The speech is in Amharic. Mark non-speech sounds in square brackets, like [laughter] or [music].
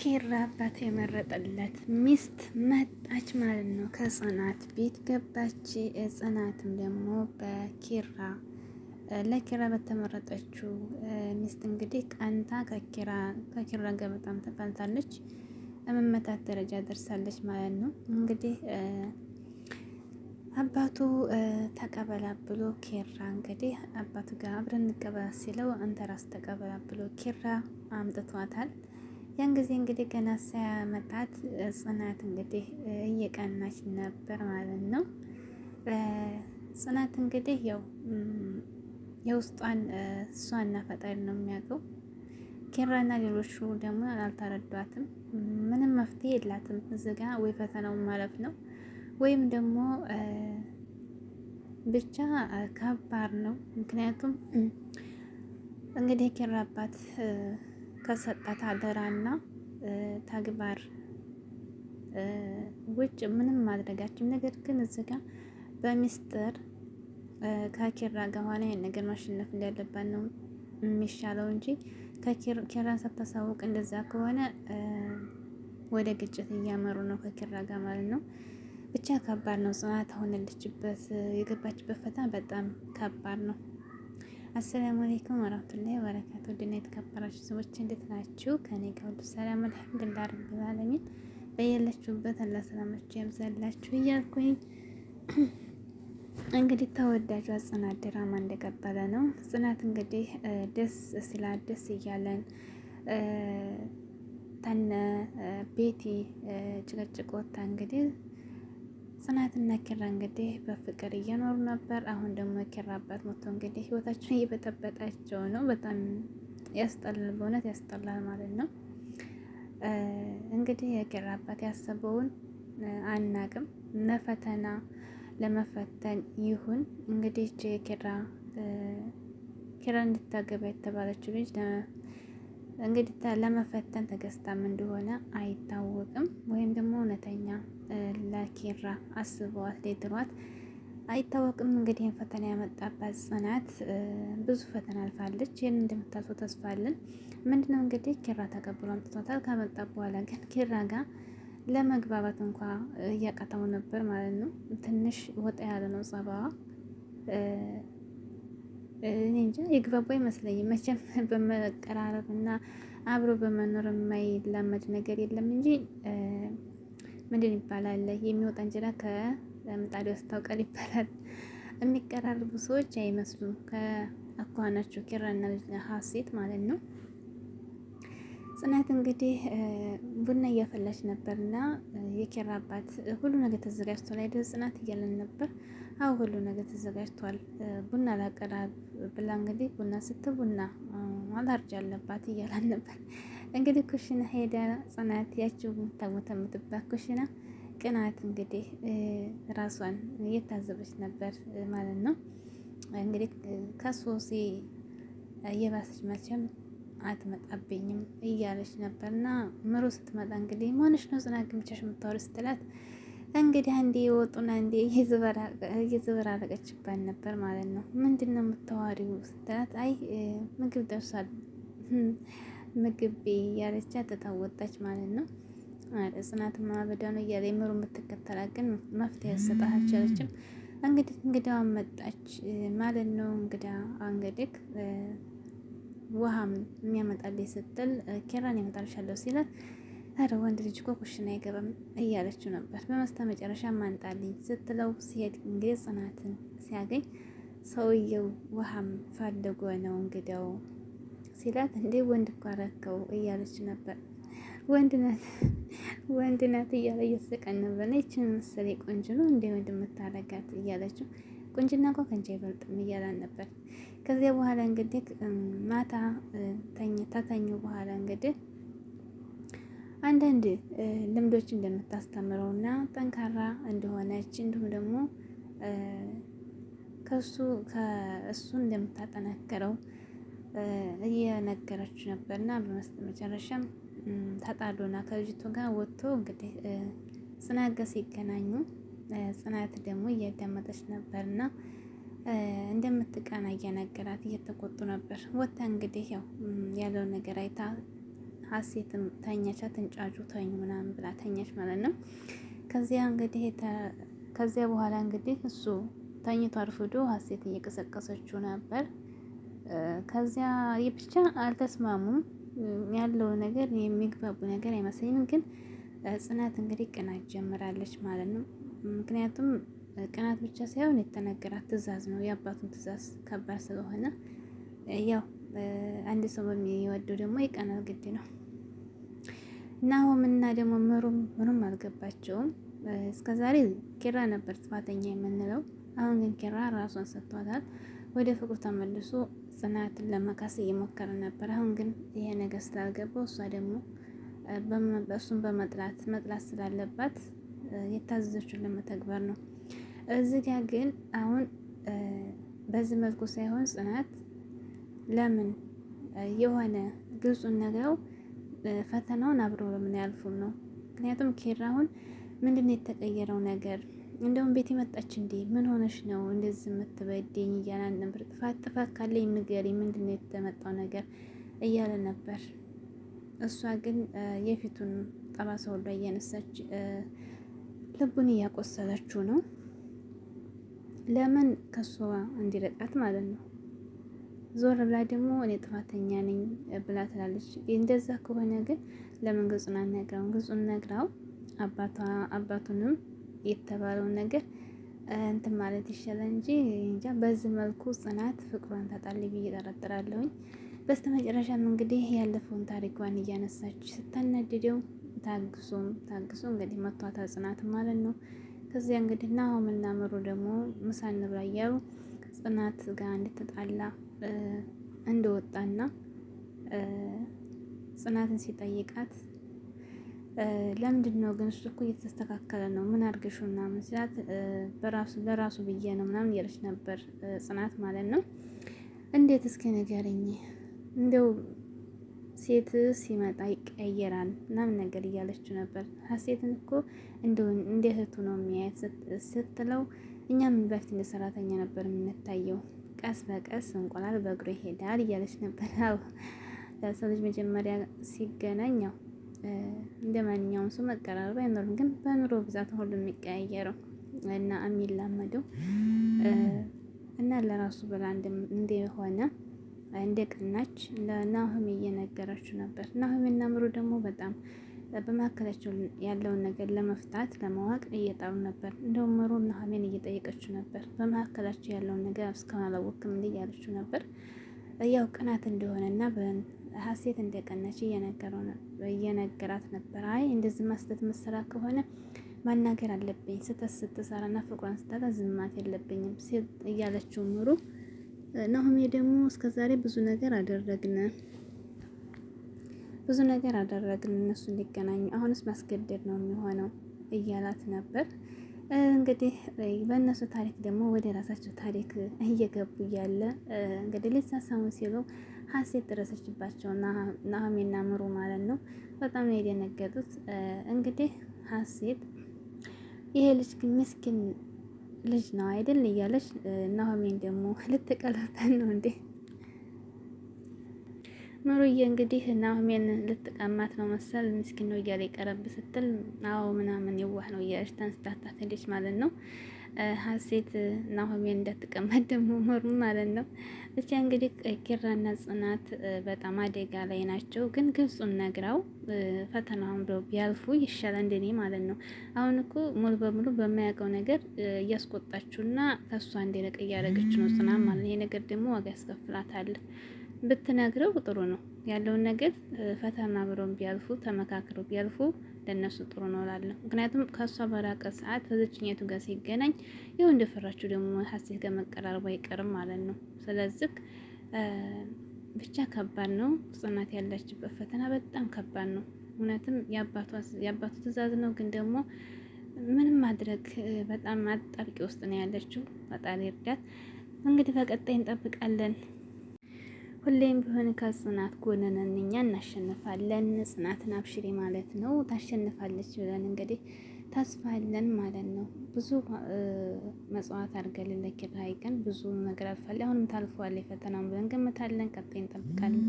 ኪራ አባት የመረጠለት ሚስት መጣች ማለት ነው። ከጽናት ቤት ገባች። ጽናትም ደግሞ በኪራ ለኪራ በተመረጠችው ሚስት እንግዲህ ቀንታ ከኪራ ጋር በጣም ተቀንታለች። መመታት ደረጃ ደርሳለች ማለት ነው። እንግዲህ አባቱ ተቀበላ ብሎ ኪራ እንግዲህ አባቱ ጋር አብረን እንቀበላ ሲለው አንተ ራስ ተቀበላ ብሎ ኪራ አምጥቷታል። ያን ጊዜ እንግዲህ ገና ሳያመጣት ጽናት እንግዲህ እየቀናች ነበር ማለት ነው። ጽናት እንግዲህ ያው የውስጧን እሷና ፈጣሪ ነው የሚያውቀው። ኪራና ሌሎቹ ደግሞ አልተረዷትም። ምንም መፍትሄ የላትም እዚጋ ወይ ፈተናው ማለፍ ነው ወይም ደግሞ ብቻ ከባድ ነው። ምክንያቱም እንግዲህ ኬራ አባት ከሰጣት አደራና ተግባር ውጭ ምንም ማድረጋችን። ነገር ግን እዚህ ጋር በሚስጥር ከኪራ ጋር ሆነ ይህን ነገር ማሸነፍ እንዳለባት ነው የሚሻለው እንጂ ከኪራ ሳታሳውቅ እንደዛ ከሆነ ወደ ግጭት እያመሩ ነው ከኪራ ጋር ማለት ነው። ብቻ ከባድ ነው። ጽናት ሆነልችበት የገባችበት ፈተና በጣም ከባድ ነው። አሰላሙ አለይኩም ወራህመቱላሂ ወበረካቱ። ድና የተከበራችሁ ሰዎች እንዴት ናችሁ? ከኔ ጋር ሁሉ ሰላም አልሐምዱሊላህ ረብል ዓለሚን። በየላችሁበት አላህ ሰላማችሁ ያብዛላችሁ እያልኩኝ [clears throat] እንግዲህ ተወዳጇ ጽናት ድራማ እንደቀጠለ ነው። ጽናት እንግዲህ ደስ ስላት ደስ እያለን ተነ ቤቲ ጭቅጭቅ ወታ እንግዲህ ጽናትና ኪራ እንግዲህ በፍቅር እየኖሩ ነበር። አሁን ደግሞ ኪራ አባት ሞቶ እንግዲህ ህይወታቸውን እየበጠበጣቸው ነው። በጣም ያስጠላል፣ በእውነት ያስጠላል ማለት ነው። እንግዲህ የኪራ አባት ያሰበውን አናቅም፣ ለፈተና ለመፈተን ይሁን እንግዲህ ኪራ ኪራ እንድታገባ የተባለችው ልጅ እንግዲህ ለመፈተን ተገዝታም እንደሆነ አይታወቅም። ወይም ደግሞ እውነተኛ ለኪራ አስበዋት ሌትሯት አይታወቅም። እንግዲህ ፈተና ያመጣባት ጽናት ብዙ ፈተና አልፋለች። ይህን እንደምታልፎ ተስፋ አለን። ምንድነው እንግዲህ ኪራ ተቀብሎ አምጥቷታል። ከመጣ በኋላ ግን ኪራ ጋር ለመግባባት እንኳ እያቃተው ነበር ማለት ነው። ትንሽ ወጣ ያለ ነው ጸባዋ። እኔ እንጃ የግባቡ አይመስለኝም። መቼም [laughs] በመቀራረብ እና አብሮ በመኖር የማይላመድ ነገር የለም እንጂ ምንድን ይባላል የሚወጣ እንጀራ ከምጣዱ ያስታውቃል ይባላል። የሚቀራረቡ ሰዎች አይመስሉም። ከአኳናቸው ኪራና ሀሴት ማለት ነው። ጽናት እንግዲህ ቡና እያፈላች ነበርና የኪራ አባት ሁሉ ነገር ተዘጋጅቶ ላይ ጽናት እያለን ነበር አው ሁሉ ነገር ተዘጋጅቷል። ቡና ላቀራብ ብላ እንግዲህ ቡና ስት ቡና ማላርጅ አለባት እያላን ነበር። እንግዲህ ኩሽና ሄዳ ጽናት ያችው የምታሞተምትባት ኩሽና ቅናት እንግዲህ ራሷን እየታዘበች ነበር ማለት ነው። እንግዲህ ከሶሲ እየባሰች መቼም አትመጣብኝም እያለች ነበርና ምሩ ስትመጣ እንግዲህ መሆንሽ ነው ጽናት ግምቻሽ የምታወሪ ስትላት እንግዲህ አንዴ የወጡና አንዴ እየዘበራረቀችባት ነበር ማለት ነው። ምንድን ነው የምታዋሪው ስትላት አይ ምግብ ደርሷል ምግብ እያለች ተታወጣች ማለት ነው። ጽናት ማበዳ ነው እያለ የምሩ የምትከተላ ግን መፍትሄ ያሰጣት አልቻለችም። እንግዲህ እንግዳዋን መጣች ማለት ነው። እንግዳ እንግዲህ ውሃም የሚያመጣልኝ ስትል ኬራን ያመጣልሻለሁ ሲላት አረ ወንድ ልጅ እኮ ኩሽና አይገባም እያለችው ነበር። በመስተመጨረሻ ማንጣልኝ ስትለው ሲሄድ እንግዲህ ጽናትን ሲያገኝ ሰውየው ውሃም ፈልጎ ነው እንግዲያው ሲላት እንዴ ወንድ እኮ አረከው እያለች ነበር። ወንድነት እያለ እየተሰቀን ነበር። ይችን ምስል ቆንጆ ነው እንዴ ወንድ የምታረጋት እያለችው ቁንጅና እኮ ከንቻ አይበልጥም እያላን ነበር። ከዚያ በኋላ እንግዲህ ማታ ተኝታ በኋላ እንግዲህ አንዳንድ ልምዶች እንደምታስተምረው እና ጠንካራ እንደሆነች እንዲሁም ደግሞ ከሱ ከእሱ እንደምታጠናክረው እየነገረች ነበር እና በመጨረሻም ተጣሉና ከልጅቱ ጋር ወጥቶ እንግዲህ ጽናት ጋር ሲገናኙ ጽናት ደግሞ እያዳመጠች ነበር እና እንደምትቀና እየነገራት እየተቆጡ ነበር። ወታ እንግዲህ ያው ያለው ነገር አይታ ሀሴትም ተኛች፣ አትንጫጩ ተኙ ምናምን ብላ ተኛች ማለት ነው። ከዚያ እንግዲህ ከዚያ በኋላ እንግዲህ እሱ ተኝቶ አርፍዶ ሀሴት እየቀሰቀሰችው ነበር። ከዚያ ብቻ አልተስማሙም። ያለው ነገር የሚግባቡ ነገር አይመስለኝም። ግን ጽናት እንግዲህ ቅናት ጀምራለች ማለት ነው። ምክንያቱም ቅናት ብቻ ሳይሆን የተነገራት ትዕዛዝ ነው። የአባቱን ትዕዛዝ ከባድ ስለሆነ ያው አንድ ሰው በሚወደው ደግሞ ይቀናል፣ ግድ ነው። እና እና ደግሞ ምሩም ምሩም አልገባቸውም። እስከዛሬ ኪራ ነበር ጥፋተኛ የምንለው፣ አሁን ግን ኪራ ራሷን ሰጥቷታል። ወደ ፍቅሩ ተመልሶ ጽናትን ለመካስ እየሞከረ ነበር። አሁን ግን ይሄ ነገር ስላልገባው እሷ ደግሞ እሱን በመጥላት መጥላት ስላለባት የታዘዘችውን ለመተግበር ነው። እዚህ ጋ ግን አሁን በዚህ መልኩ ሳይሆን ጽናት ለምን የሆነ ግልጹን ነግረው ፈተናውን አብረው ለምን አያልፉም ነው? ምክንያቱም ኬራ አሁን ምንድነው የተቀየረው ነገር? እንደውም ቤት የመጣች እንዴ ምን ሆነሽ ነው እንደዚህ የምትበድኝ እያላን ነበር። ጥፋት ጥፋት ካለኝ ንገሪ፣ ምንድነው የተመጣው ነገር እያለ ነበር። እሷ ግን የፊቱን ጠባሳ ሁሉ እያነሳች ልቡን እያቆሰለችው ነው። ለምን ከሷ እንዲረቃት ማለት ነው። ዞር ብላ ደግሞ እኔ ጥፋተኛ ነኝ ብላ ትላለች። እንደዛ ከሆነ ግን ለምን ገጹን አልነግረውም? ገጹን ነግራው አባቱንም የተባለውን ነገር እንትን ማለት ይሻላል እንጂ እንጃ። በዚህ መልኩ ጽናት ፍቅሯን ታጣለች ብዬ እጠረጥራለሁኝ። በስተመጨረሻም እንግዲህ ያለፈውን ታሪኳን እያነሳች ስታናድደው ታግሱም ታግሱ እንግዲህ መቷታ ጽናት ማለት ነው። ከዚያ እንግዲህ ናሆምና ምሩ ደግሞ ምሳ እንብላ እያሉ ጽናት ጋር እንድትጣላ እንደወጣና ጽናትን ሲጠይቃት ለምንድን ነው ግን እሱ እኮ እየተስተካከለ ነው፣ ምን አድርገሽ ምናምን ሲላት በራሱ ለራሱ ብዬ ነው ምናምን እያለች ነበር ጽናት ማለት ነው። እንዴት እስኪ ንገሪኝ፣ እንደው ሴት ሲመጣ ይቀየራል ምናምን ነገር እያለችው ነበር። ሀሴትን እኮ እንደው እንዴት ነው የሚያየት ስትለው እኛም በፊት እንደ ሰራተኛ ነበር የምንታየው። ቀስ በቀስ እንቁላል በእግሮ ይሄዳል እያለች ነበር። ለሰው ልጅ መጀመሪያ ሲገናኝ ያው እንደ ማንኛውም ሰው መቀራረብ አይኖርም፣ ግን በኑሮ ብዛት ሁሉ የሚቀያየረው እና የሚላመደው እና ለራሱ ብላ እንደሆነ እንደቀናች ለናሁም እየነገረችው ነበር። ናሁም እና ምሩ ደግሞ በጣም በመካከላቸው ያለውን ነገር ለመፍታት ለማወቅ እየጣሩ ነበር። እንደውም እና ሀሜን እየጠየቀችው ነበር። በመካከላቸው ያለውን ነገር እስካሁን አላወቅም እንዴ እያለችው ነበር። ያው ቅናት እንደሆነ እና ሀሴት እንደቀነች እየነገራት ነበር። አይ እንደዚህ ማስተት መሰራ ከሆነ ማናገር አለብኝ ስተት ስትሰራና ፍቅሯን ስታጣ ዝማት የለብኝም እያለችው ምሩ ናሆሜ ደግሞ እስከዛሬ ብዙ ነገር አደረግነ ብዙ ነገር አደረግን እነሱ እንዲገናኙ፣ አሁንስ ማስገደድ ነው የሚሆነው እያላት ነበር። እንግዲህ በእነሱ ታሪክ ደግሞ ወደ ራሳቸው ታሪክ እየገቡ እያለ እንግዲህ ሊሳሳሙ ሲሉ ሀሴት ደረሰችባቸው ናሀሜና ምሩ ማለት ነው። በጣም ነው የደነገጡት። እንግዲህ ሀሴት ይሄ ልጅ ግን ምስኪን ልጅ ነው አይደል እያለች ናሆሜን ደግሞ ልትቀለበን ነው እንዴ ምሩዬ እንግዲህ ናሆሜን ልትቀማት ነው መሰል ምስኪን ነው እያለ ይቀረብ ስትል አዎ ምናምን የዋህ ነው እያለች ተንስታታት እንዴት ማለት ነው። ሀሴት ናሆሜን እንዳትቀማት ደግሞ ምሩ ማለት ነው። ብቻ እንግዲህ ኪራና ጽናት በጣም አደጋ ላይ ናቸው። ግን ግብፁን ነግራው ፈተናውን ብለው ቢያልፉ ይሻላል እንደኔ ማለት ነው። አሁን እኮ ሙሉ በሙሉ በማያውቀው ነገር እያስቆጣችሁና ከሷ እንዲርቅ እያደረገች ነው ጽናት ማለት ነው። ይሄ ነገር ደግሞ ዋጋ ያስከፍላታል። ብትነግረው ጥሩ ነው ያለውን ነገር ፈተና ብለው ቢያልፉ ተመካክሮ ቢያልፉ ለእነሱ ጥሩ ነው እላለሁ። ምክንያቱም ከእሷ በራቀ ሰዓት ከዝችኛቱ ጋር ሲገናኝ ይኸው እንደፈራችሁ ደግሞ ሀሴት ጋር መቀራረቡ አይቀርም ማለት ነው። ስለዚህ ብቻ ከባድ ነው። ጽናት ያላችበት ፈተና በጣም ከባድ ነው። እውነትም የአባቱ ትዕዛዝ ነው፣ ግን ደግሞ ምንም ማድረግ በጣም አጣብቂ ውስጥ ነው ያለችው። ፈጣሪ እርዳት። እንግዲህ በቀጣይ እንጠብቃለን። ሁሌም ቢሆን ከጽናት ጎን ነን እኛ እናሸንፋለን። ጽናትን አብሽሬ ማለት ነው ታሸንፋለች ብለን እንግዲህ ተስፋለን ማለት ነው። ብዙ መጽዋዕት አድርገን ለኪራይ ግን ብዙ ነገር አልፋለ አሁንም ታልፈዋለች ፈተናውን ብለን ገምታለን። ቀጣይ እንጠብቃለን።